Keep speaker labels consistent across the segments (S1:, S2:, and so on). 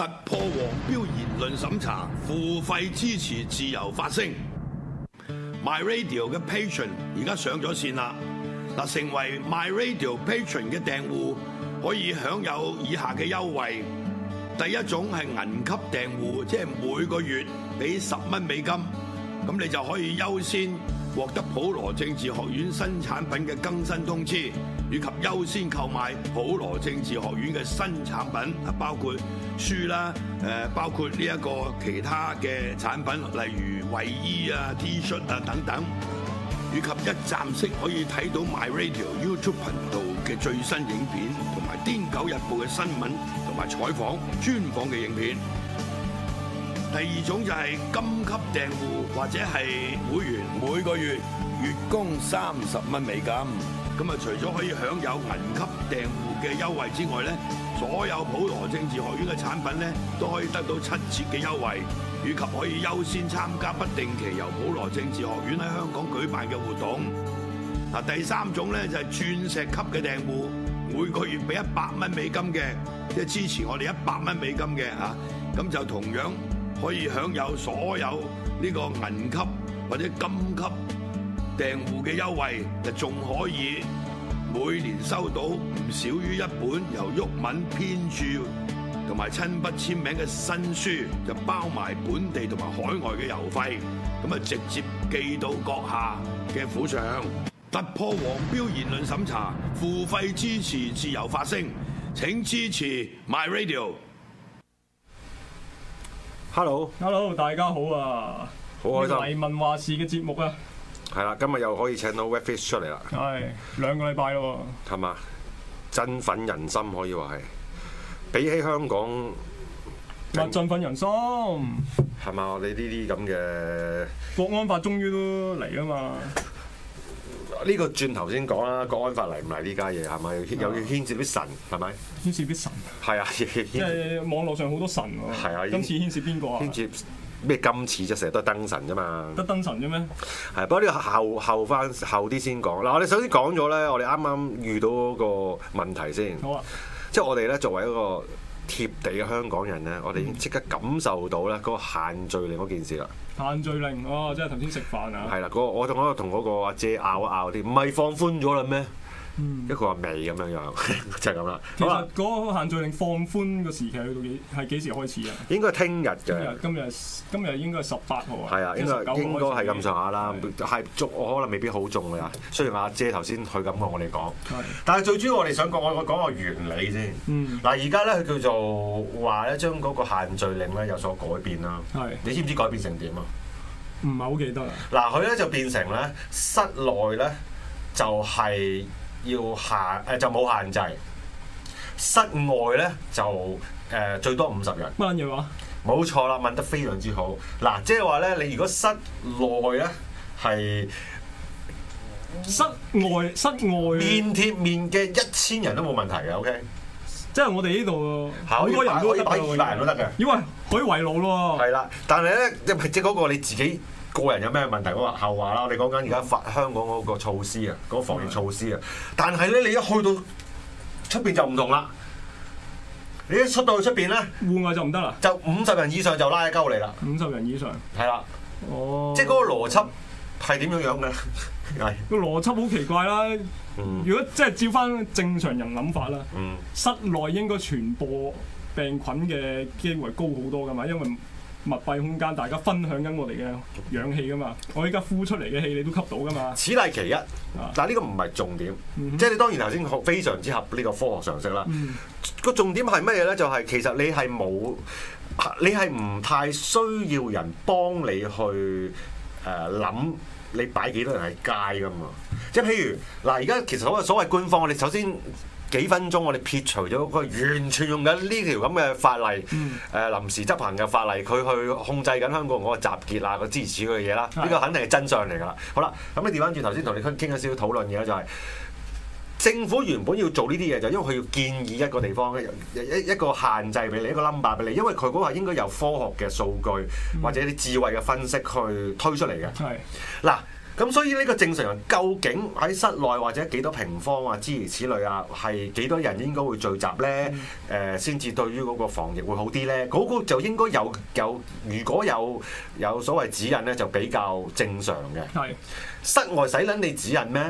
S1: 突破黃標言論審查，付費支持自由發聲。My Radio 嘅 Patreon 而家上咗線啦！嗱，成為 My Radio Patreon 嘅訂戶可以享有以下嘅優惠：第一種係銀級訂戶，即係每個月俾十蚊美金，咁你就可以優先獲得普羅政治學院新產品嘅更新通知。以及優先購買普羅政治學院嘅新產品，啊，包括書啦，誒，包括呢一個其他嘅產品，例如衞衣啊、T 恤啊等等，以及一站式可以睇到 MyRadio YouTube 頻道嘅最新影片，同埋《癲狗日報》嘅新聞同埋採訪專訪嘅影片。第二種就係金級訂戶或者係會員，每個月月供三十蚊美金。咁啊，除咗可以享有銀級訂戶嘅優惠之外咧，所有普羅政治學院嘅產品咧都可以得到七折嘅優惠，以及可以優先參加不定期由普羅政治學院喺香港舉辦嘅活動。嗱，第三種咧就係鑽石級嘅訂戶，每個月俾一百蚊美金嘅，即係支持我哋一百蚊美金嘅嚇，咁就同樣可以享有所有呢個銀級或者金級。訂戶嘅優惠就仲可以每年收到唔少於一本由毓民編著同埋親筆簽名嘅新書，就包埋本地同埋海外嘅郵費，咁啊直接寄到閣下嘅府上。突破黃標言論審查，付費支持自由發聲，請支持 My Radio。
S2: Hello，Hello，Hello, 大家好啊！好開心，黎民話事嘅節目啊！.
S1: 係啦，今日又可以請
S3: 到 Red Fish 出嚟啦。係
S2: 兩個禮拜咯喎。
S3: 係嘛？振奮人心可以話係。比起香港，
S2: 話振，振奮人心
S3: 係嘛？我哋呢啲咁嘅。國安法終於都嚟啊嘛！呢個轉頭先講啦，國安法嚟唔嚟呢家嘢係咪？又要，吧要牽涉啲神係咪？牽涉啲神。係是啊，因 為
S2: 網絡上好多神喎。係啊，今、啊、涉次牽涉邊個啊？牽
S3: 涉咩今次啫，成日都係燈神啫嘛，得燈神啫咩？係，不過呢個後後翻後啲先講嗱，我哋首先講咗咧，我哋啱啱遇到嗰個問題先。好啊，即係我哋咧作為一個貼地嘅香港人咧，我哋已經即刻感受到咧嗰個限聚令嗰件事啦。限聚
S2: 令，哦，即係頭先食飯啊，係
S3: 啦，嗰個我仲喺度同嗰個阿姐拗一拗添，唔係放寬咗啦咩？一個話未咁樣樣，就係咁啦。
S2: 其實嗰個限聚令放寬嘅時期去到幾係幾時開始啊？
S3: 應該聽日嘅。
S2: 今日今日今日應該係十八號啊。係啊，應該應該係咁上
S3: 下啦。係仲我可能未必好重㗎。雖然阿姐頭先佢咁同我哋講，但係最主要我哋想講，我我講個原理先。嗱而家咧佢叫做話咧，將嗰個限聚令咧有所改變啦。你知唔知改變成點啊？
S2: 唔係好記得
S3: 啦。嗱，佢咧就變成咧，室內咧就係。要限，誒就冇限制。室外咧就誒、呃、最多五十人。乜嘢話？冇錯啦，問得非常之好。嗱，即係話咧，你如果室內咧係
S2: 室外，室外面
S3: 貼面嘅一千人都冇問題嘅。O、okay? K，即係我哋呢度，應該人都可以人都得嘅，因為佢以圍路咯。係啦，但係咧，即係嗰個你自己。個人有咩問題？我話後話啦，我哋講緊而家法香港嗰個措施啊，嗰、嗰個防疫措施啊。但係咧，你一去到出邊就唔同啦。你一出到去出邊咧，戶外就唔得啦，就五十人以上就拉起勾嚟啦。
S2: 五十人以上，係啦了，哦、oh，即係嗰個邏輯係點樣樣嘅？係 個邏輯好奇怪啦。如果即係照翻正常人諗法啦，mm. 室內應該傳播病菌嘅機會高好多㗎嘛，因為密閉空間，大家分享緊我哋嘅氧氣㗎嘛，我依家呼出嚟嘅氣你都吸到㗎嘛。
S3: 此例其一，但係呢個唔係重點，uh huh. 即係你當然頭先學非常之合呢個科學常識啦。個、uh huh. 重點係乜嘢咧？就係、是、其實你係冇，你係唔太需要人幫你去誒諗、呃、你擺幾多人喺街㗎嘛。即係譬如嗱，而家其實所所謂官方，我哋首先。幾分鐘，我哋撇除咗佢完全用緊呢條咁嘅法例，誒、嗯呃、臨時執行嘅法例，佢去控制緊香港嗰個集結啊、嗰個支持嘅嘢啦，呢個、嗯、肯定係真相嚟㗎啦。好啦，咁你調翻轉頭先，同你傾傾咗少少討論嘢就係、是、政府原本要做呢啲嘢，就因為佢要建議一個地方，一一個限制俾你，一個 number 俾你，因為佢嗰個應該由科學嘅數據或者啲智慧嘅分析去推出嚟嘅。嗱。咁、嗯、所以呢個正常人究竟喺室內或者幾多平方啊諸如此類啊，係幾多人應該會聚集呢？誒、呃，先至對於嗰個防疫會好啲呢？嗰、那個就應該有有，如果有有所謂指引呢，就比較正常嘅。是室外使撚你指引咩？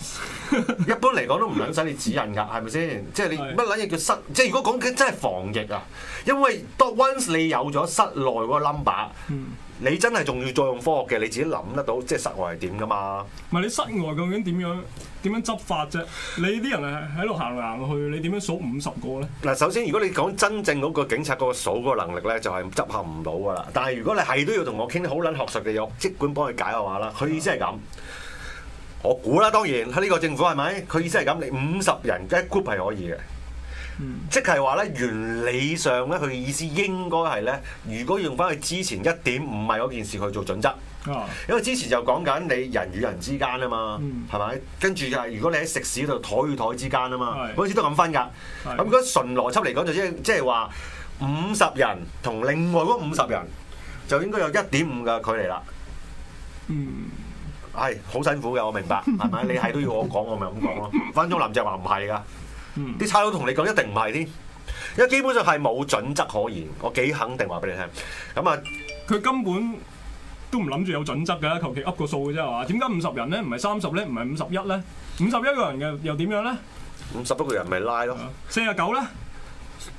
S3: 一般嚟講都唔允使你指引噶，係咪先？即係你乜撚嘢叫室？即係如果講緊真係防疫啊，因為當 once 你有咗室內嗰個 number，你真係仲要再用科學嘅你自己諗得到，即係室外係點噶嘛？
S2: 唔係你室外究竟點樣？點樣執法啫？你啲人係喺度行嚟行去，你點樣數五十個咧？
S3: 嗱， 首先如果你講真正嗰個警察嗰個數嗰個能力咧，就係、是、執行唔到噶啦。但係如果你係都要同我傾好撚學術嘅嘢，即管幫佢解嘅話啦。佢意思係咁。 我估啦，當然喺呢個政府係咪？佢意思係咁，你五十人一 group 係可以嘅，嗯、即係話咧，原理上咧，佢意思應該係咧，如果用翻佢之前一點五米嗰件事去做準則，啊、因為之前就講緊你人與人之間啊嘛，係咪、嗯？跟住就係、是、如果你喺食肆度台與台之間啊嘛，嗰陣時都咁分㗎。咁如果純邏輯嚟講就即係即係話五十人同另外嗰五十人就應該有一點五嘅距離啦。嗯。係好辛苦嘅，我明白，係咪？ 你係都要我講，我咪咁講咯。 分鐘林鄭話唔係噶，嗯，啲差佬同你講一定唔係添，因為基本上係冇準則可言，我幾肯定話俾你聽。
S2: 咁啊，佢根本都唔諗住有準則嘅，求其噏個數嘅啫嘛。點解五十人咧？唔係三十咧？唔係五十一咧？五十一個人嘅又點樣咧？
S3: 五十一個人咪拉咯，
S2: 四啊九咧。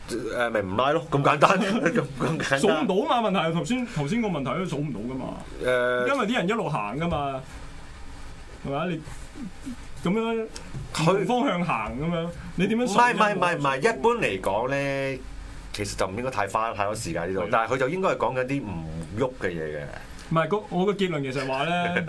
S2: 誒，咪唔拉咯，咁簡單，咁簡單，數唔到嘛？問題係頭先頭先個問題都數唔到噶嘛，誒，因為啲人一路行噶嘛，係咪？你咁樣反方向行咁樣，你點樣？唔係
S3: 唔係唔係，一般嚟講咧，其實就唔應該太花太多時間呢度，但係佢就應該係講緊啲唔喐嘅嘢
S2: 嘅。唔係，我個結論其實話咧，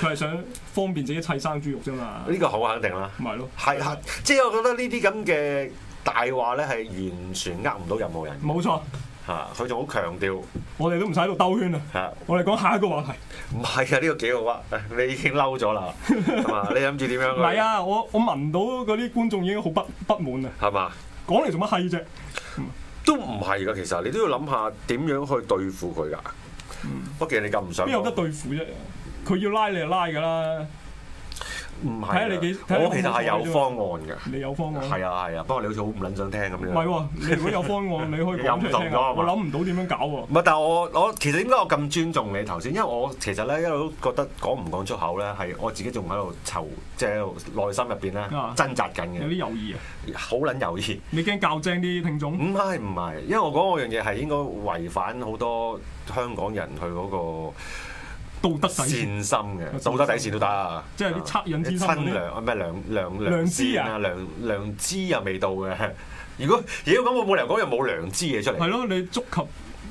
S2: 佢係想方便自己砌生豬肉啫嘛。呢個好肯定啦，唔係囉，係即係我覺得呢啲咁嘅。
S3: 大話咧係完全呃唔到任何人。冇錯，嚇佢仲好強調。
S2: 我哋都唔使喺度兜圈啊！嚇，我哋講下一個話題。
S3: 唔係啊，呢個幾好啊！你已經嬲咗啦，係嘛？ 你諗住點樣？唔係啊，
S2: 我我聞到嗰啲觀眾已經好不不滿啊，
S3: 係嘛？
S2: 講嚟做乜閪啫？
S3: 都唔係噶，其實你都要諗下點樣去對付佢噶。畢竟、嗯、你咁唔想，邊有
S2: 得對付啫？佢要拉你就拉㗎啦。唔係，睇你幾，你有有我其實係有方案嘅，你有
S3: 方案，係啊係啊，不過、啊、你好似好唔撚想聽咁樣。唔係、 啊、你如果有方案，你可以講出嚟 我諗
S2: 唔到點樣搞喎、啊。唔係，
S3: 但係我我其實應該我咁尊重你頭先，因為我其實咧一路都覺得講唔講出口咧係我自己仲喺度籌，即、就、係、是、內心入邊咧掙扎緊嘅。 有啲猶豫啊，好撚猶豫。豫你驚教正啲聽眾？唔係唔係，因為我講為我樣嘢係應該違反好多香港人去嗰、那個。道德底線心嘅道德底線都得，即係啲惻隱之心咧。親良啊咩良良良知啊良良知，又未到嘅。如果，如果咁我冇理由講又冇良知嘢出嚟。係咯，你觸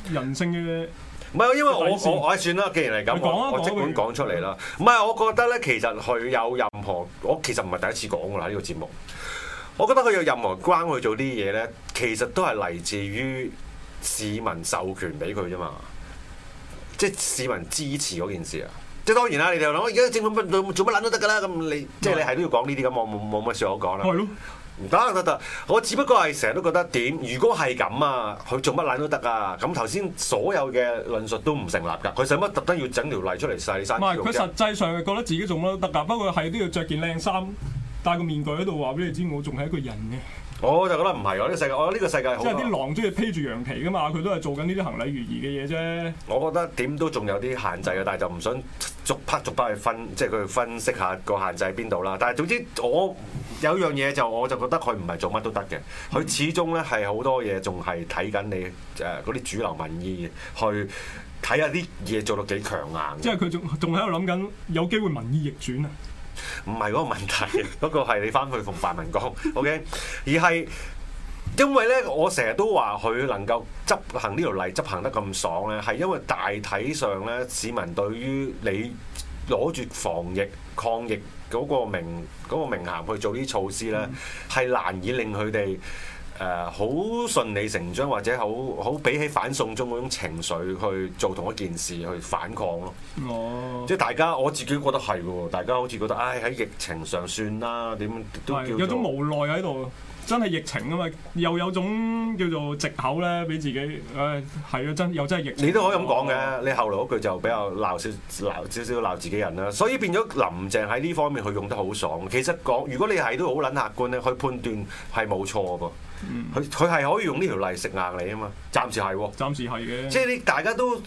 S3: 及人性嘅。唔係，因為我我唉，算啦，既然係咁，我儘管講出嚟啦。唔係，我覺得咧，其實佢有任何，我其實唔係第一次講㗎啦。呢個節目，我覺得佢有任何關去做啲嘢咧，其實都係嚟自於市民授權俾佢啫嘛。即市民支持嗰件事啊！即當然啦，啊，你哋諗，而家政府做乜撚都得㗎啦。咁你是即係你係都要講呢啲咁，我冇冇乜嘢可講啦。係咯的，唔得得得！我只不過係成日都覺得點？如果係咁啊，佢做乜撚都得啊！咁頭先所有嘅論述都唔成立㗎。佢使乜特登要整條例出嚟曬你？唔係，佢實
S2: 際上覺得自己做乜都得㗎。不過係都要着件靚衫，戴個面具喺度話俾你知，我仲係一個人嘅。
S3: 我就覺得唔係，我、這、呢、個、世界，我覺得呢個世界好。因係啲
S2: 狼中意披住羊皮噶嘛，佢都係做緊呢啲行李如儀嘅嘢啫。
S3: 我覺得點都仲有啲限制嘅，但係就唔想逐 p 逐 p 去分，即係佢去分析下個限制喺邊度啦。但係總之我有一樣嘢就我就覺得佢唔係做乜都得嘅，佢、嗯、始終咧係好多嘢仲係睇緊你誒嗰啲主流民意去睇下啲嘢做到幾強硬。即係
S2: 佢仲仲喺度諗緊有機會民意逆轉啊！
S3: 唔係嗰個問題，不過係你翻去同範文講，OK？而係因為呢，我成日都話佢能夠執行呢條例執行得咁爽呢係因為大體上呢，市民對於你攞住防疫抗疫嗰個名嗰、嗰個名銜去做啲措施呢，係、嗯、難以令佢哋。誒好、呃、順理成章，或者好好比起反送中嗰種情緒去做同一件事去反抗咯。
S2: 哦，即係
S3: 大家我自己覺得係喎，大家好似覺得唉喺疫情上算啦，點都叫做有種
S2: 無奈喺度，真係疫情啊嘛，又有種叫做藉口咧，俾自己誒係啊，真又真係疫情。你都可以咁
S3: 講嘅，哦、你後嚟嗰句就比較鬧少鬧少少鬧自己人啦。所以變咗林鄭喺呢方面佢用得好爽。其實講如果你係都好撚客觀咧，佢判斷係冇錯噃。佢佢係可以用呢條例食硬你啊嘛，暫時係，暫時係嘅，即係你大家都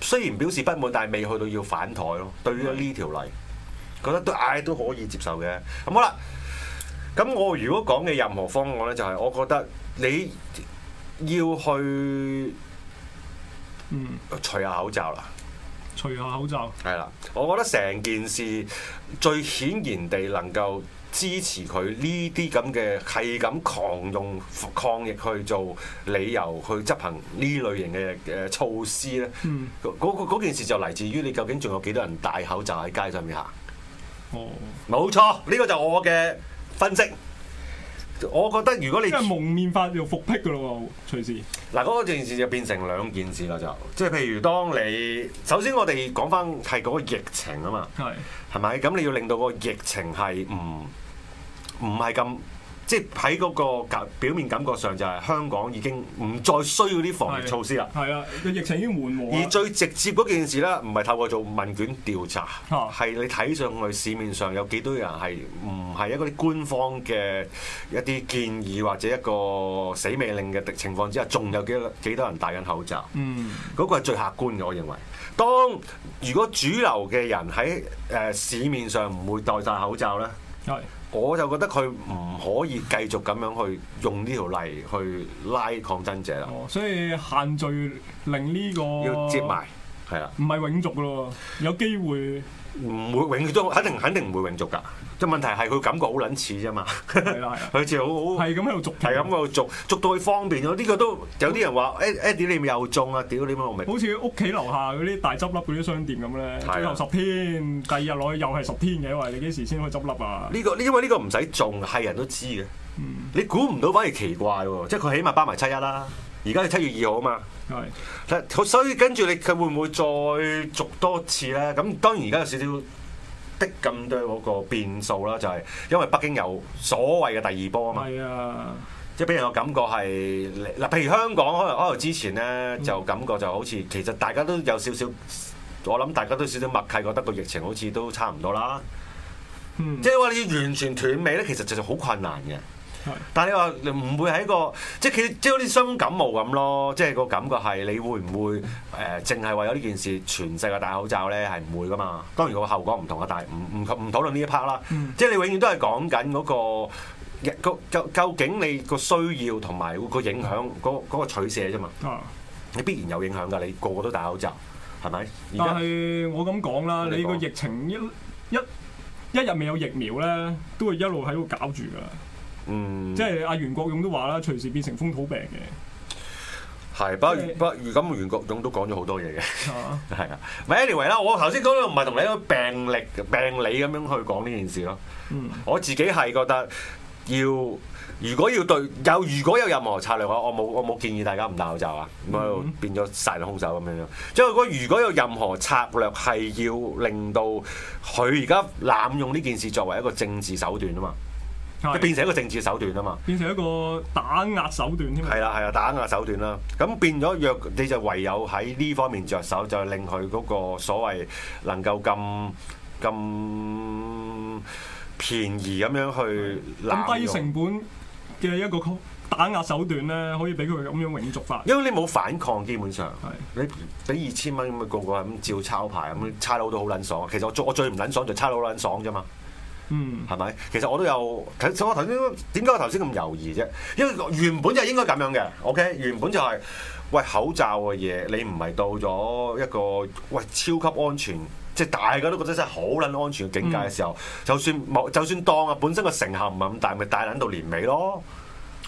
S3: 雖然表示不滿，但係未去到要反台咯。對於呢條例，嗯、覺得都唉都可以接受嘅。咁好啦，咁我如果講嘅任何方案咧，就係我覺得你要去，嗯，除下口罩啦，
S2: 除下口罩，
S3: 係啦，我覺得成件事最顯然地能夠。支持佢呢啲咁嘅係咁狂用抗疫去做理由去執行呢類型嘅誒措施咧？嗰、嗯、件事就嚟自於你究竟仲有幾多人戴口罩喺街上面行？冇、哦、錯，呢、呢個就係我嘅分析。我覺得如果你即係蒙
S2: 面法又復辟嘅咯喎，隨時
S3: 嗱嗰件事就變成兩件事啦，就即係譬如當你首先我哋講翻係嗰個疫情啊嘛，係係咪咁你要令到個疫情係唔唔係咁？即係喺嗰個表面感覺上，就係香港已經唔再需要啲防疫措施啦。係啊，疫
S2: 情已經緩和。而
S3: 最直接嗰件事咧，唔係透過做問卷調查，係你睇上去市面上有幾多人係唔係一個啲官方嘅一啲建議或者一個死命令嘅情況之下，仲有幾多幾多人戴緊口罩？嗯，嗰個係最客觀嘅，我認為。當如果主流嘅人喺誒市面上唔會戴晒口罩咧？我就覺得佢唔可以繼續咁樣去用呢條例去拉抗爭者啦、哦。
S2: 所以限聚令呢個要接埋。
S3: 係
S2: 啦，唔係、啊、永續咯，有機會唔會，會永續，肯定肯
S3: 定唔會永續噶。即問題係佢感覺好撚似啫嘛，係啦佢似好好係咁喺度續，係咁喺度續，續到佢方便咗。呢、呢個都有啲人話：誒誒、嗯哎，你唔又中啊？屌你咪我咪。好似
S2: 屋企樓下嗰啲大執笠嗰啲商店咁咧，最後十天，第二日落去又係十天嘅，話你幾時先可以執笠啊？
S3: 呢、呢個因為呢個唔使中，係人都知嘅。嗯、 你估唔到反而奇怪喎，即係佢起碼包埋七一啦。而家係七月二號啊嘛，係，係啊，所以跟住你佢會唔會再續多次咧？咁當然而家有少少的咁多個變數啦，就係、是、因為北京有所謂嘅第二波啊嘛，係啊，即係俾人個感覺係嗱，譬如香港可能開頭之前咧就感覺就好似其實大家都有少少，我諗大家都少少默契，覺得個疫情好似都差唔多啦。即係話你要完全斷尾咧，其實就就好困難嘅。但係你話唔會喺個即係其實即係好似傷風感冒咁咯，即係個感覺係你會唔會誒，淨係為咗呢件事全世界戴口罩咧係唔會噶嘛？當然個後果唔同啊，但係唔唔唔討論呢一 part 啦。嗯、即係你永遠都係講緊嗰個，夠究竟你個需要同埋個影響嗰嗰個取捨啫嘛。啊、你必然有影響噶，你個個都戴口罩係咪？而家係
S2: 我咁講啦，你個疫情一一一日未有疫苗咧，都係一路喺度搞住噶。嗯，即係阿袁國勇都話啦，隨時變成風土病
S3: 嘅，係是，不如咁袁國勇都講咗好多嘢嘅，係啊， 唔係 anyway 啦，我頭先講到唔係同你一個病歷病理咁樣去講呢件事咯，嗯、我自己係覺得要，如果要對，有如果有任何策略，我我冇我冇建議大家唔戴口罩啊，咁啊變咗殺人凶手咁樣樣，即係如果如果有任何策略係要令到佢而家濫用呢件事作為一個政治手段啊嘛。佢變成一個政治手段啊嘛，變成一個打壓手段添。係啦，係啊，打壓手段啦。咁變咗，若你就唯有喺呢方面着手，就令佢嗰個所謂能夠咁咁便宜咁樣去。諗低成
S2: 本嘅一個打壓手段咧，可以俾佢咁樣永續化。
S3: 因為你冇反抗，基本上係的你俾二千蚊咁啊，個個咁照抄牌咁，差佬都好撚爽，爽。其實我最我最唔撚爽就差佬撚爽啫嘛。嗯，係咪？ 其實我都有睇，我頭先點解我頭先咁猶豫啫？因為原本就應該咁樣嘅，OK？原本就係、係、喂口罩嘅嘢，你唔係到咗一個喂超級安全，即係大家都覺得真係好撚安全嘅境界嘅時候， 就算冇，就算當啊本身個成效唔係咁大，咪帶撚到年尾咯。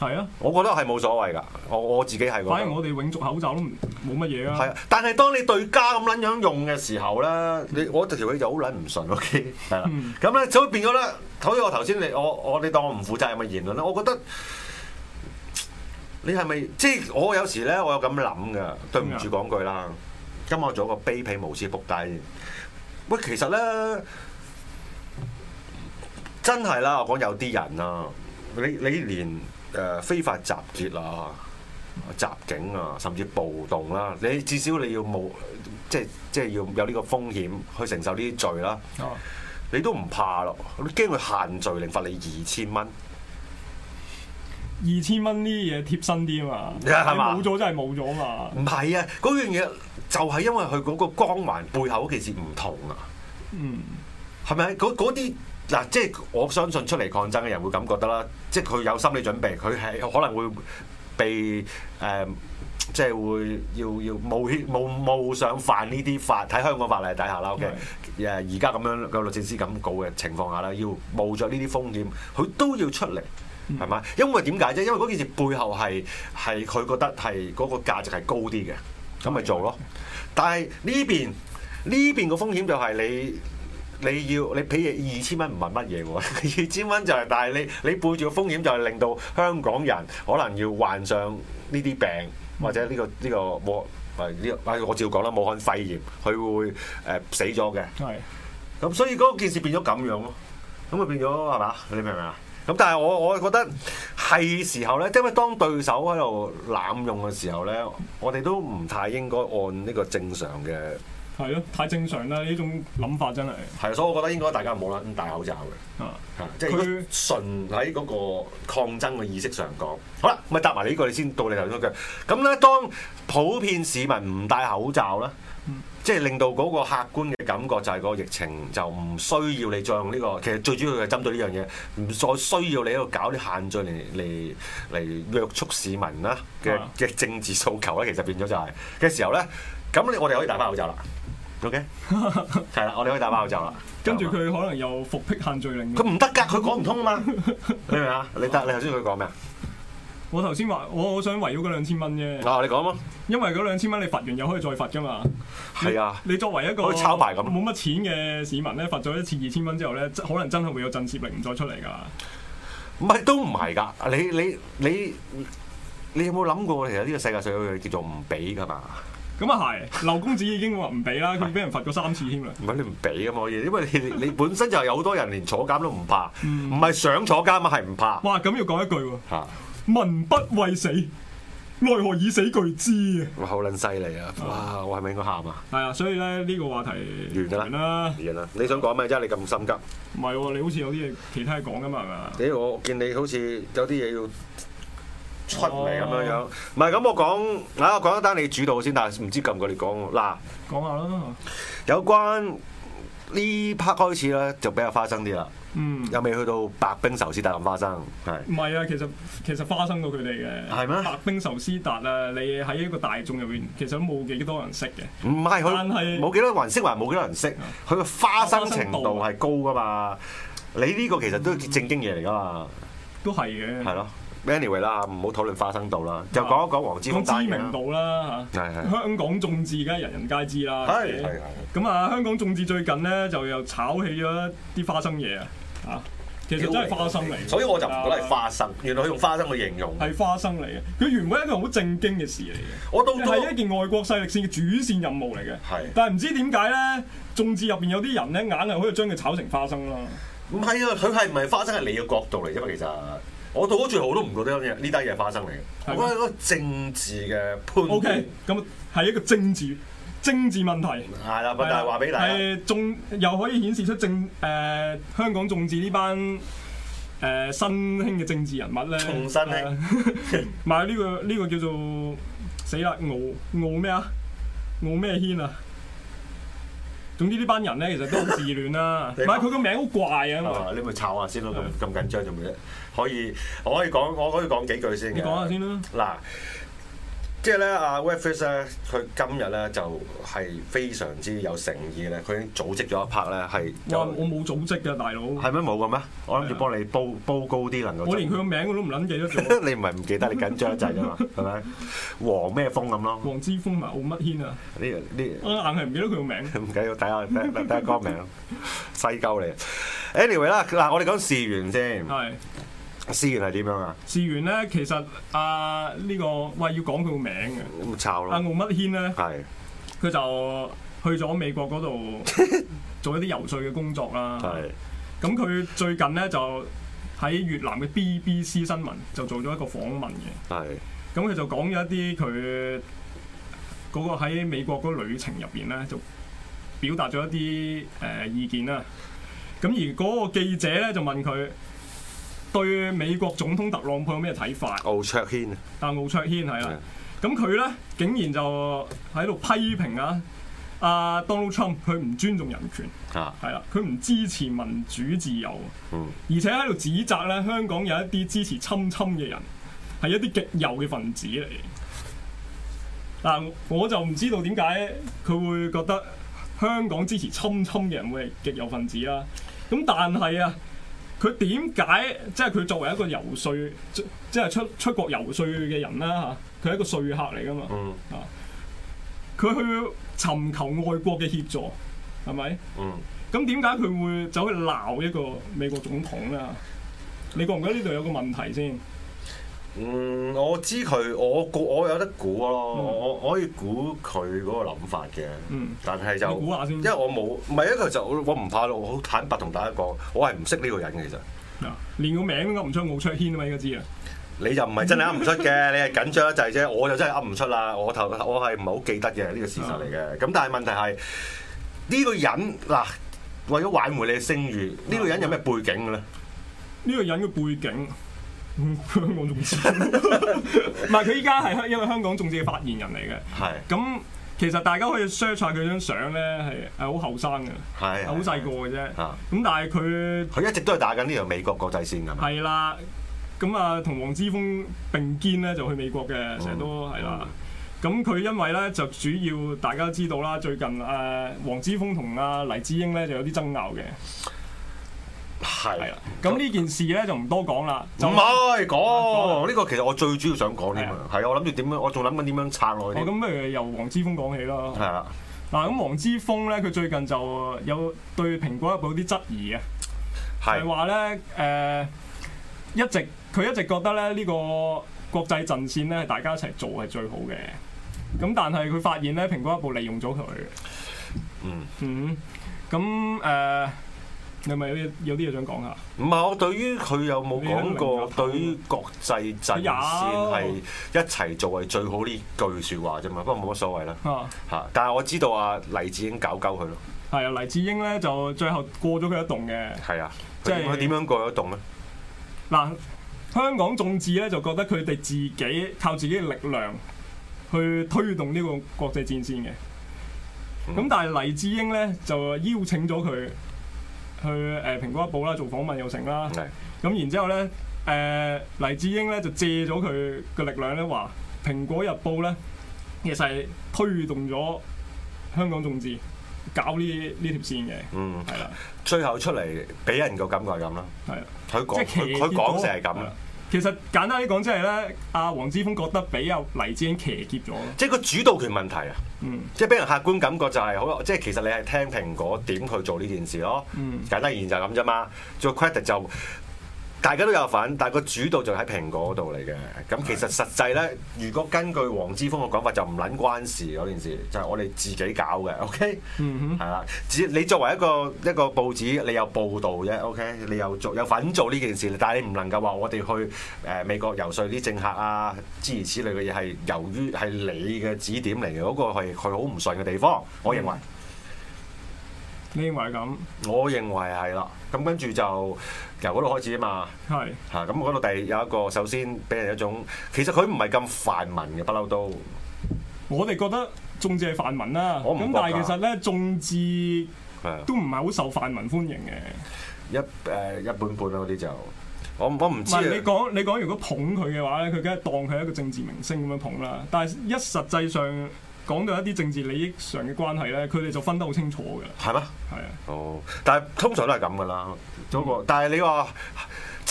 S3: 係啊，我覺得係冇所謂㗎，我我自己係。反正
S2: 我哋永續口罩都冇乜嘢啊。係啊，但係當
S3: 你對家咁撚樣用嘅時候咧，你我條氣就好撚唔順，OK？係啦、啊，咁咧就變咗咧。好似我頭先，你我我你當我唔負責嘅言論咧，我覺得你係咪即係我有時咧，我有咁諗㗎。對唔住講句啦，嗯、今日我做一個卑鄙無恥仆街。喂，其實咧，真係啦，我講有啲人啊，你你連。誒非法集結啊、襲警啊，甚至暴動啦！你至少你要冇，即係即係要有呢個風險去承受呢啲罪啦。啊、你都唔怕咯？你驚佢限聚令罰你二千蚊？
S2: 二千蚊呢啲嘢貼身啲啊嘛，係嘛？冇咗真係冇咗嘛？唔係啊，嗰樣嘢就
S3: 係因為佢嗰個光環背後其實唔同啊。
S2: 嗯，
S3: 係咪？嗰嗰啲。嗱、啊，即係我相信出嚟抗爭嘅人會噉覺得啦，即係佢有心理準備，佢係可能會被誒、呃，即係會要要冒險、冒冒上犯呢啲法，喺香港法例底下啦。O K，誒而家咁樣嘅律政司咁告嘅情況下啦，要冒著呢啲風險，佢都要出嚟，係咪、嗯？因為點解啫？因為嗰件事背後係係佢覺得係嗰個價值係高啲嘅，咁咪做咯。但係呢邊呢邊個風險就係你。你要你俾二千蚊唔係乜嘢喎，二千蚊就係，但係你你背住個風險就係令到香港人可能要患上呢啲病，或者呢、這個呢、這個冇，呢、這個，我照講啦，武漢肺炎佢會誒、呃、死咗嘅。
S2: 係
S3: 是。咁所以嗰件事變咗咁樣咯，咁啊變咗係嘛？你明唔明啊？咁但係我我覺得係時候咧，因、就、係、是、當對手喺度濫用嘅時候咧，我哋都唔太應該按呢個正常嘅。係
S2: 咯，太正常啦！呢種諗法真
S3: 係。係，所以我覺得應該大家唔好啦，戴口罩嘅、啊啊。即係佢純喺嗰個抗爭嘅意識上講。好啦，咪答埋你呢、呢個，你先到你頭先嗰句。咁咧，當普遍市民唔戴口罩啦，嗯、即係令到嗰個客觀嘅感覺就係個疫情就唔需要你再用呢、呢個，其實最主要係針對呢樣嘢，唔再需要你喺度搞啲限聚嚟嚟嚟約束市民啦嘅嘅政治訴求咧，其實變咗就係、是、嘅時候咧。咁你、okay? 我哋可以戴翻口罩啦。O K，係啦，我哋可以戴翻口罩啦。
S2: 跟住佢可能又復辟限聚令。 佢唔得噶，佢講唔通啊嘛。 是，是
S3: 你明唔明啊？你得你頭先佢講咩啊？
S2: 我頭先話我好想圍繞嗰兩千蚊啫。嗱，你講啊。因為嗰兩千蚊你罰完又可以再罰噶嘛。
S3: 係啊。
S2: 你作為一個抄牌咁冇乜錢嘅市民咧，罰咗一次二千蚊之後咧，可能真係會有震懾力唔再出嚟噶。
S3: 唔係都唔係噶，你你你你、你、你、你、你、你、你有冇諗過其實呢個世界上有嘢叫做唔俾噶嘛？
S2: 咁啊，係 劉公子已經話唔俾啦，佢俾人罰咗三次添啊、嗯！
S3: 唔係你唔俾啊嘛，因為你本身就係有好多人連坐監都唔怕，唔係、 嗯、想坐監嘛，係唔怕。哇！咁要講一句喎，
S2: 民不畏死，奈何以死懼之
S3: 啊！哇，好撚犀利啊！哇，我係咪應該喊啊？係啊，所以咧呢、呢個話題完啦，完啦！你想講咩啫？你咁心急？
S2: 唔係、嗯，你好似有啲嘢其他嘢講噶嘛，係
S3: 咪啊？誒，我見你好似有啲嘢要。出嚟咁樣樣，唔係咁我講，我講一單你主導先，但係唔知撳個佢哋講喎嗱。講下咯，有關呢 part 開始咧就比較花生啲啦。
S2: 嗯。又
S3: 未去到白冰壽司達咁花生，係。
S2: 唔係啊，其實其實花生到佢哋嘅。係咩嗎？白冰壽司達啊，你喺一個大眾入邊，其實冇幾多人識嘅。唔係佢冇幾多人識，話冇幾多人識。佢個花生程度係高噶嘛？
S3: 嗯、你呢個其實都正經嘢嚟噶嘛？
S2: 都係嘅。係咯的。
S3: 的 Anyway 啦，唔好討論花生度啦，是就講一講黃之鋒啦。講知名
S2: 度啦嚇，係是是 香港眾志梗係人人皆知啦，係係係。咁啊，香港眾志最近咧就又炒起咗啲花生嘢啊，嚇的，其實真係花生嚟。所以我就
S3: 唔覺得係花生。的原來佢用花生去形容，
S2: 係花生嚟嘅。佢原本一個好正經嘅事嚟嘅，我到底係一件外國勢力線嘅主線任務嚟嘅。係是的，但係唔知點解咧，眾志入邊有啲人咧，硬係可以將佢炒成花生啦。唔係啊，佢係唔係花生係你
S3: 嘅角度嚟啫嘛，其實。我到咗最後，我都唔覺得呢，呢堆嘢花
S2: 生嚟嘅。我覺得嗰個政治嘅判 o K，咁係一個政治政治問題，
S3: 係啦。但係話俾大家，
S2: 中又可以顯示出政誒香港政治呢班誒新興嘅政治人物咧，新興買呢個呢個叫做死啦敖敖咩啊敖咩軒啊！總之呢班人咧，其實都好自亂啦。唔係佢個名好怪
S3: 啊你咪炒下先咯，咁咁緊張做咩啫？可以，我可以講，我可以講幾句先嘅。你講下先啦。嗱，即係咧，阿 Red Fish 咧，佢今日咧就係非常之有誠意咧。佢已經組織咗一拍咧，係
S2: 我冇組織嘅，大佬
S3: 係咩冇咁咩？我諗住幫你煲煲、啊、高啲，能夠我連佢
S2: 個名我都唔撚記得。你唔係
S3: 唔記得？你緊張得滯啊嘛，係咪黃咩風咁咯？黃之鋒咪
S2: 敖乜軒啊？
S3: 呢呢我硬係唔記得佢個名，唔緊要睇下睇下歌名。西鳩嚟 anyway 啦嗱，我哋講事源先係。Baş 思源係點樣啊？
S2: 思源咧，其實阿、啊這個啊、呢個喂要講佢個名嘅，咁啦。阿敖乜軒咧，係佢就去咗美國嗰度做一啲遊說嘅工作啦。係咁，佢最近咧就喺越南嘅 BBC 新聞就做咗一個訪問嘅。係咁，佢就講咗一啲佢嗰個喺美國嗰旅程入邊咧，就表達咗一啲誒、呃、意見啦。咁而嗰個記者咧就問佢。對美國總統特朗普有咩睇法？敖卓軒啊，但敖卓軒係啦，咁佢咧竟然就喺度批評啊，啊 Donald Trump 佢唔尊重人權，係啦、啊，佢唔支持民主自由，嗯、而且喺度指責咧香港有一啲支持「侵侵」嘅人係一啲極右嘅分子嚟。嗱、啊，我就唔知道點解佢會覺得香港支持「侵侵」嘅人會係極右分子啦。咁但係啊～佢點解即係佢作為一個游説，即係出出國游説嘅人啦嚇，佢係一個説客嚟㗎嘛，啊，佢去尋求外國嘅協助係咪？咁點解佢會走去鬧一個美國總統咧？你覺唔覺得呢度有個問題先？嗯，
S3: 我知佢，我估，我有得估咯，嗯、我我可以估佢嗰個諗法嘅。嗯、但係就，就，我估下先。因為我冇，唔係，因為其實我唔怕，我好坦白同大家講，我係唔識呢個人嘅其實。
S2: 嗱，連個名都噏唔出，敖卓軒啊嘛，應該知啊 。
S3: 你就唔係真係噏唔出嘅，你係緊張一陣啫。我就真係噏唔出啦，我頭我係唔係好記得嘅呢、呢個事實嚟嘅。咁、嗯、但係問題係呢、呢個人嗱、啊，為咗挽回你嘅聲譽，呢、呢個人有
S2: 咩背景嘅咧？呢 個人嘅背景。 香港眾志，唔係佢依家係香，因為香港眾志嘅發言人嚟嘅。係是，咁其實大家可以 search 下佢張相咧，係係好後生嘅，係好細個嘅啫。咁但係佢，
S3: 佢、啊、一直都係打緊呢條美國國際線咁。
S2: 係啦，咁啊同黃之鋒並肩咧就去美國嘅，成日都係啦。咁佢、嗯、因為咧就主要大家都知道啦，最近誒、啊、黃之鋒同阿黎智英咧就有啲爭拗嘅。係啦，咁呢件事咧就唔多講啦。唔係
S3: 講呢個，其實我最主要想講添啊。係啊的，我諗住點樣，我仲諗緊點樣撐落去。咁
S2: 不如由黃之鋒講起啦。係啦是的，嗱咁黃之鋒咧，佢最近就有對蘋果日報啲質疑啊，係話咧，誒、呃，一直佢一直覺得咧呢、這個國際陣線咧大家一齊做係最好嘅。咁但係佢發現咧，蘋果日報利用咗佢。嗯，嗯。嗯。咁、呃、誒。呃你係咪有有啲嘢想講下？
S3: 唔係我對於佢有冇講過，對於國際戰線係一齊做係最好呢句説話啫嘛，嗯、不過冇乜所謂啦。嚇、啊！但係我知道搞搞啊，黎智英搞鳩佢咯。
S2: 係啊，黎智英咧就最後過咗佢一棟嘅。
S3: 係啊，即係佢點樣過咗一棟咧？
S2: 嗱，香港眾志咧就覺得佢哋自己靠自己嘅力量去推動呢個國際戰線嘅。咁、嗯、但係黎智英咧就邀請咗佢。去誒是的《蘋果日報》啦做訪問又成啦，咁然之後咧，誒黎智英咧就借咗佢嘅力量咧話，《蘋果日報》咧其實係推動咗香港眾志搞呢呢條線嘅，嗯，係啦，
S3: 最後出嚟俾人個感覺係咁啦，係啊的，佢講佢講成係咁。
S2: 其實簡單啲講，即係咧，阿黃之鋒覺得比阿黎智英騎劫咗咯。即係個主導權問題啊。嗯。即係俾人客觀
S3: 感覺就係、是、好，即係其實你係聽蘋果點去做呢件事咯。嗯。簡單而言就係咁啫嘛。做 credit 就。大家都有份，但係個主導就喺蘋果度嚟嘅。咁其實實際咧，如果根據黃之鋒嘅講法，就唔撚關事嗰件事，就係我哋自己搞嘅。OK，係啦、嗯哼。只你作為一個一個報紙，你有報導啫。OK，你有做有份做呢件事，但係你唔能夠話我哋去誒、呃、美國遊說啲政客啊，諸如此類嘅嘢係由於係你嘅指點嚟嘅。嗰、那個係佢好唔順嘅地方，
S2: 我認為。嗯。
S3: 你認為咁？我認為係啦，咁跟住就由嗰度開始啊嘛。係嚇是，咁嗰度第有一個，首先俾人一種，其實佢唔係咁泛民嘅，不
S2: 嬲都。我哋覺得眾志係泛民啦、啊，咁但係其實咧，眾志都唔係好受泛民歡迎嘅、啊。
S3: 一誒、呃、一般般啦，嗰啲就我我唔知、啊。唔係你
S2: 講你講，如果捧佢嘅話咧，佢梗係當佢係一個政治明星咁樣捧啦。但係一實際上。講到一啲政治利益上嘅關係咧，佢哋就分得好清楚嘅。係咩？
S3: 係啊。哦，但係通常都係咁噶啦。嗰個、
S2: 嗯，但係你話，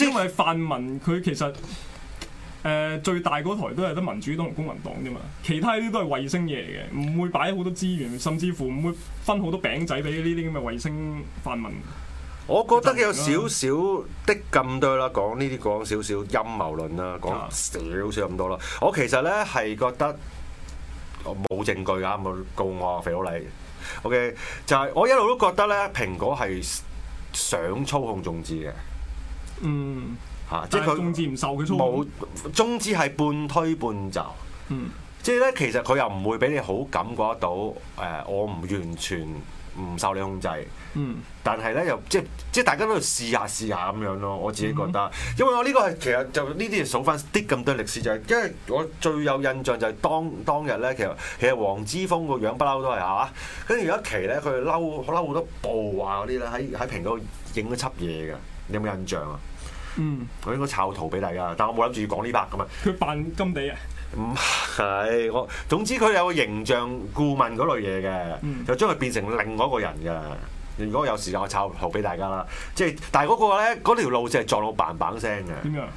S2: 因為泛民佢其實誒、呃、最大嗰台都係得民主黨同公民黨啫嘛，其他啲都係衛星嘢嚟嘅，唔會擺好多資源，甚至乎唔會分好多餅仔俾呢啲咁嘅衛星泛民。我覺得有少
S3: 少的咁多啦，講呢啲講少少陰謀論啦，講少少咁多啦。我其實咧係覺得。冇證據㗎，冇告我肥佬黎。OK，就係我一路都覺得咧，蘋果係想操控眾志嘅。嗯，嚇、啊，即係眾志唔受佢操控。冇，眾志係半推半就。嗯，即係咧，其實佢又唔會俾你好感覺到，誒、呃，我唔完全。唔受你控制，嗯，但係咧又即即大家都喺度試下試下咁樣咯。我自己覺得，因為我呢個係其實就呢啲數翻啲咁多歷史就係，因為我最有印象就係當當日咧，其實其實黃之鋒個樣不嬲都係嚇、啊，跟住有一期咧，佢係嬲嬲好多暴話嗰啲咧，喺喺屏度影咗輯嘢嘅，你有冇印象啊？嗯，我應該抄圖俾大家，但我冇諗住要講呢 part 噶嘛。佢扮金地啊。唔係我，總之佢有個形象顧問嗰類嘢嘅，嗯、就將佢變成另外一個人嘅。如果有時間、啊，我炒圖俾大家啦。即係，但係嗰個咧，嗰條路就係撞到 bang bang 聲嘅。
S2: 點
S3: 啊？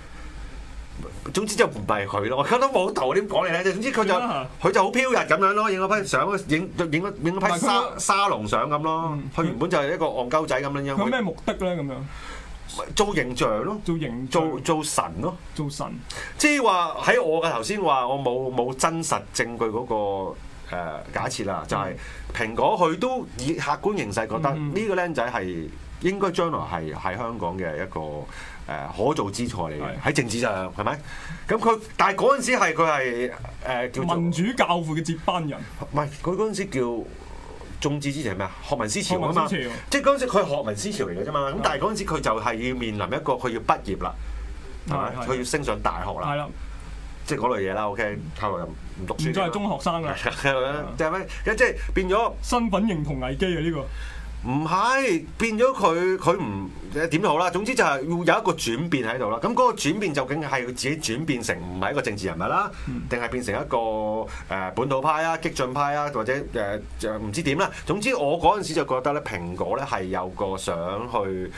S3: 總之就唔係佢咯。我覺得冇圖，點講你咧？總之佢就佢就好飄逸咁樣咯，影嗰批相，影影影批沙、嗯、沙龍相咁咯。佢原本就係一個憨鳩仔咁樣樣。佢有咩目的咧？咁樣？做形象咯，做做做神咯，做，做神。即係話喺我嘅頭先話，我冇冇真實證據嗰、那個誒、呃、假設啦，就係、是、蘋果佢都以客觀形勢覺得呢個僆仔係應該將來係喺香港嘅一個誒、呃、可造之才嚟嘅。喺的政治上係咪？咁佢但係嗰陣時係佢係誒叫民主教父嘅接班人。唔係佢嗰陣時叫。眾志之前係咩啊？學民思潮啊嘛，即係嗰陣時佢學民思潮嚟嘅啫嘛。咁的但係嗰陣時佢就係要面臨一個佢要畢業啦，係嘛的？佢要升上大學啦，的即係嗰類嘢啦。OK，後來又唔讀書，再係中學生啦。的即係咩？即係變咗身份認同危機啊！呢、呢個。唔係變咗佢，佢唔點都好啦。總之就係要有一個轉變喺度啦。咁嗰個轉變究竟係佢自己轉變成唔係一個政治人物啦，定係、嗯、變成一個誒、呃、本土派啊、激進派啊，或者誒唔、呃、知點啦。總之我嗰陣時就覺得咧，蘋果咧係有個想去誒、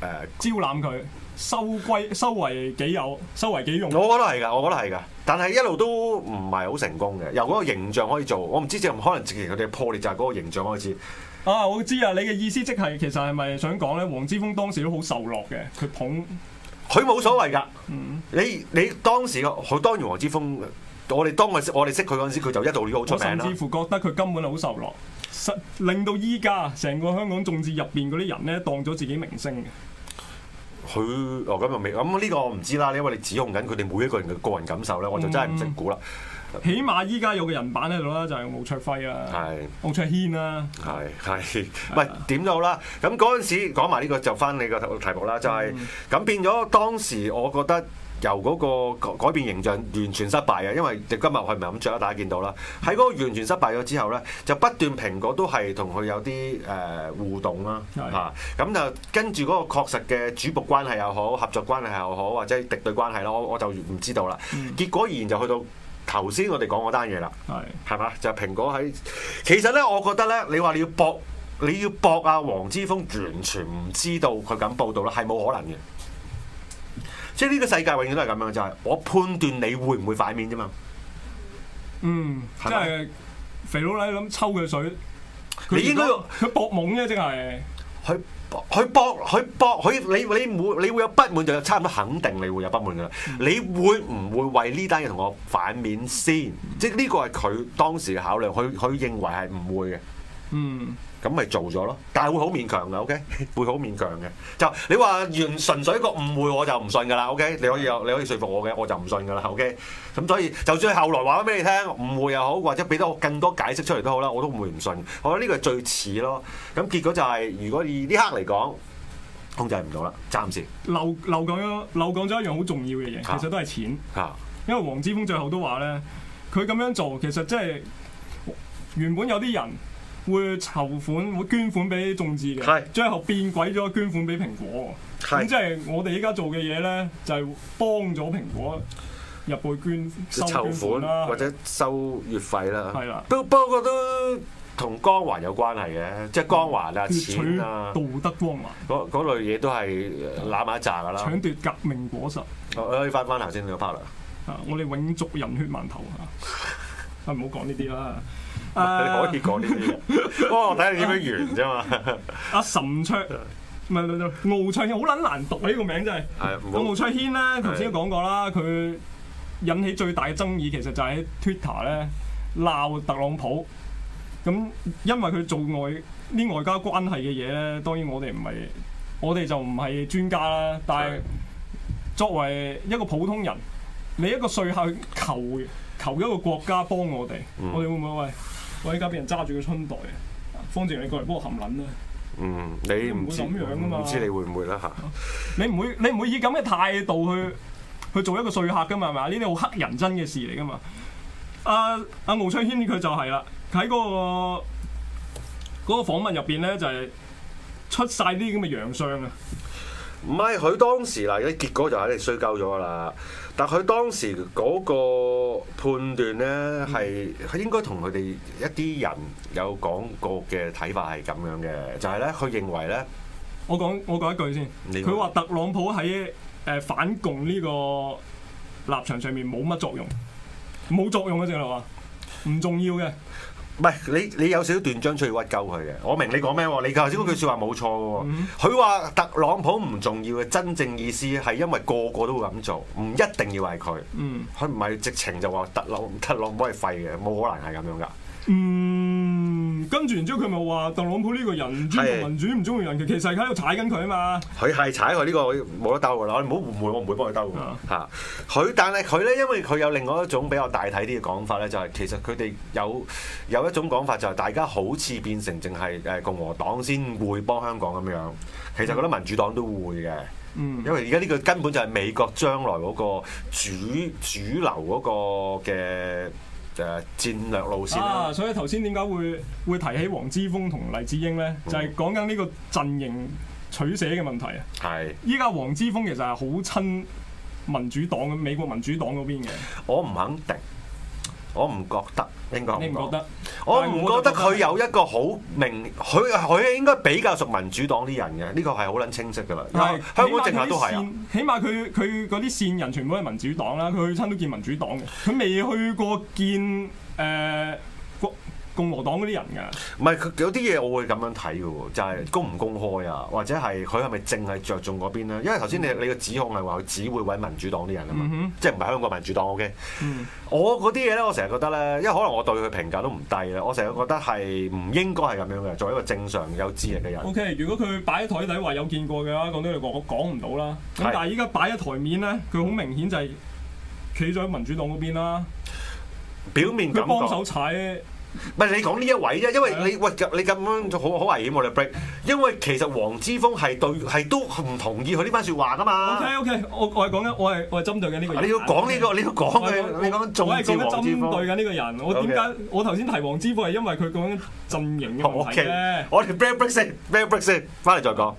S3: 呃、
S2: 招攬佢收歸收為己有、收為己用
S3: 我。我覺得係㗎，我覺得係㗎。但係一路都唔係好成功嘅。由嗰個形象可以做，我唔知就可能直情佢哋破裂就係嗰
S2: 個形象開始。啊，我知啊，你嘅意思即係，其實係咪想講咧？黃之鋒當時都好受落嘅，佢捧，佢冇所謂噶。嗯、
S3: 你你當時個，當然黃之鋒，我哋當我我哋識佢嗰陣時，佢就一度已好出名啦。甚至
S2: 乎覺得佢根本好受落，令到依家成個香港眾志入邊嗰啲人咧，當咗自己明星嘅。
S3: 佢，哦、我咁又未咁呢個，我唔知啦。因為你指控緊佢哋每一個人嘅個人感受咧，我就真係唔識估啦。嗯起碼依家有個人版喺度啦，就
S2: 係敖卓輝啊，敖是卓軒啦、啊，
S3: 係係，喂點都好啦。咁嗰陣時講埋呢個就翻你個題目啦，就係咁變咗當時，我覺得由嗰個改變形象完全失敗啊，因為今日我係唔係咁着啦，大家見到啦。喺嗰個完全失敗咗之後咧，就不斷蘋果都係同佢有啲誒互動啦，嚇咁是、啊啊、就跟住嗰個確實嘅主僕關係又好，合作關係又好，或者敵對關係咯，我我就唔知道啦。結果而然就去到。頭先我哋講嗰單嘢啦，係係嘛？就係、蘋果喺其實咧，我覺得咧，你話你要搏，你要搏啊！黃之鋒完全唔知道佢咁報導啦，係冇可能嘅。即係呢個世界永遠都係咁樣，就係、係、我判斷你會唔會反
S2: 面啫嘛。嗯，真係吧肥佬黎咁抽佢水，你應該要搏懵啫，真係。佢搏，佢搏，佢你
S3: 你唔會，你會有不滿，就差唔多肯定你會有不滿噶啦。你會唔會為呢單嘢同我反面先？即係呢個係佢當時嘅考慮，佢佢認為係唔會嘅。嗯。咁咪做咗咯，但係會好勉強嘅，OK？會好勉強嘅，就你話完純粹一個誤會我就唔信噶啦，OK？你可以有，你可以説服我嘅，我就唔信噶啦，OK？咁所以，就算後來話咗俾你聽，誤會又好，或者俾到我更多解釋出嚟都好啦，我都唔會唔信。我覺得呢個係最似咯。咁結果就係，如果以呢刻嚟講控制唔到啦，暫時。
S2: 漏漏講咗漏講咗一樣好重要嘅嘢，其實都係錢。嚇、啊！因為黃之鋒最後都話咧，佢咁樣做其實即係原本有啲人。會籌款，會捐款俾眾志嘅，最後變鬼咗，捐款俾蘋果。咁是 即係我哋依家做嘅嘢咧，就係、是、幫咗蘋果入去捐籌款啦，款是的 或者
S3: 收月費啦。係啦，都不過都同光環有關係嘅，即係光環啊、嗯、錢啊、取道德光環嗰類嘢都係攬下炸揸噶啦。搶
S2: 奪革命果實。嗯、
S3: 可以翻翻頭先個 partner、嗯、
S2: 我哋永續人血饅頭 啊！啊，唔好講呢啲啦。 你可
S3: 以講呢啲，我睇下點樣完啫嘛？
S2: 阿岑卓，唔係唔係敖卓軒，好撚難讀呢個名 真係
S3: 是。我敖、哎、卓軒咧，頭先都講
S2: 過啦，佢是的 引起最大嘅爭議其實就喺 Twitter 咧鬧特朗普。咁因為佢做外啲外交關係嘅嘢咧，當然我哋唔係我哋就唔係專家啦，但係作為一個普通人，你一個稅客求求一個國家幫我哋，我哋會唔會喂？我依家俾人揸住個春袋啊！方智龍你過嚟幫我含
S3: 捻啦！嗯，你唔會咁樣啊嘛？唔、啊、知你會唔會啦吓？
S2: 你唔會，你唔會以咁嘅態度去去做一個說客噶嘛？係咪啊？啊啊那個那個、呢啲好黑人憎嘅事嚟噶嘛？阿阿敖卓軒佢就係啦，喺嗰個嗰個訪問入邊咧，就係、是、出晒啲咁嘅洋相啊！
S3: 唔係，佢當時嗱，啲結果就肯定衰鳩咗啦。但佢當時嗰個判斷咧，係、嗯、應該同佢哋一啲人有講過嘅睇法係咁樣嘅，就係咧佢認為咧，
S2: 我講我講一句先，佢話你好 特朗普喺誒反共呢個立場上面冇乜作用，冇作用嘅，正係話，唔重要嘅。唔係你你有少少斷章
S3: 取義屈鳩佢嘅，我明你講咩喎？嗯、你頭先嗰句説話冇錯嘅喎，佢話、嗯、特朗普唔重要嘅真正意思係因為個個都會咁做，唔一定要係佢，佢唔係直情就話特朗，特朗普特朗普係廢嘅，冇可能係咁樣㗎。嗯
S2: 跟住，然之後佢咪話特朗普呢個人唔中意民主，唔中意人權，其實而家喺度踩緊佢啊嘛！
S3: 佢係踩佢呢個，冇得兜噶啦！唔好誤會，我唔會幫佢兜嚇。佢的但係佢咧，因為佢有另外一種比較大體啲嘅講法咧，就係、是、其實佢哋有有一種講法，就係大家好似變成淨係誒共和黨先會幫香港咁樣。其實覺得民主黨都會嘅，嗯，因為而家呢個根本就係美國將來嗰個主主流嗰個嘅。誒，戰略路線啊！所
S2: 以頭先點解會會提起黃之鋒同黎智英咧？就係講緊呢個陣營取捨嘅問題啊！係依家黃之鋒其實係好親民主黨嘅，美國民主黨嗰邊嘅。我
S3: 唔肯定。我唔覺得，應該唔覺得。我唔覺得佢有一個好明，佢佢但我 他應該比較熟民主黨啲人嘅，呢個係好撚清晰㗎喇。因為香港政客都係、啊，
S2: 起碼佢佢嗰啲線人全部都係民主黨啦，佢去親都見民主黨嘅，佢未去過見誒，呃共和黨嗰啲人㗎，唔
S3: 係佢有啲嘢我會咁樣睇嘅喎，就係公唔公開啊，或者係佢係咪淨係着重嗰邊咧？因為頭先你你嘅指控係話佢只會揾民主黨啲人啊嘛，嗯哼、即係唔係香港民主黨？OK，嗯、我嗰啲嘢咧，我成日覺得咧，因為可能我對佢評價都唔低啦，我成日覺得係唔應該係咁樣嘅，作為一個正常有智力嘅人。OK，
S2: 如果佢擺喺台底話有見過嘅啦，講到呢個，我講唔到啦。咁但係依家擺喺台面咧，佢好明顯就係企咗喺民主黨嗰邊啦。表面感覺，佢幫手踩。唔係你講呢一位啫，因為你喂，
S3: 你咁樣就好好危險我哋 break，因為其實黃之鋒係對係都唔同意佢
S2: 呢番説話㗎嘛。O K O K，我我係講緊我係我係針對緊呢個人。你要講呢個，Okay. 你要講嘅，你講仲係講針對緊呢個人。我點解我頭先提黃之鋒係因為佢講陣營
S3: 問題咧？Okay. okay. 我哋 break break 先，break break 先，翻嚟再講。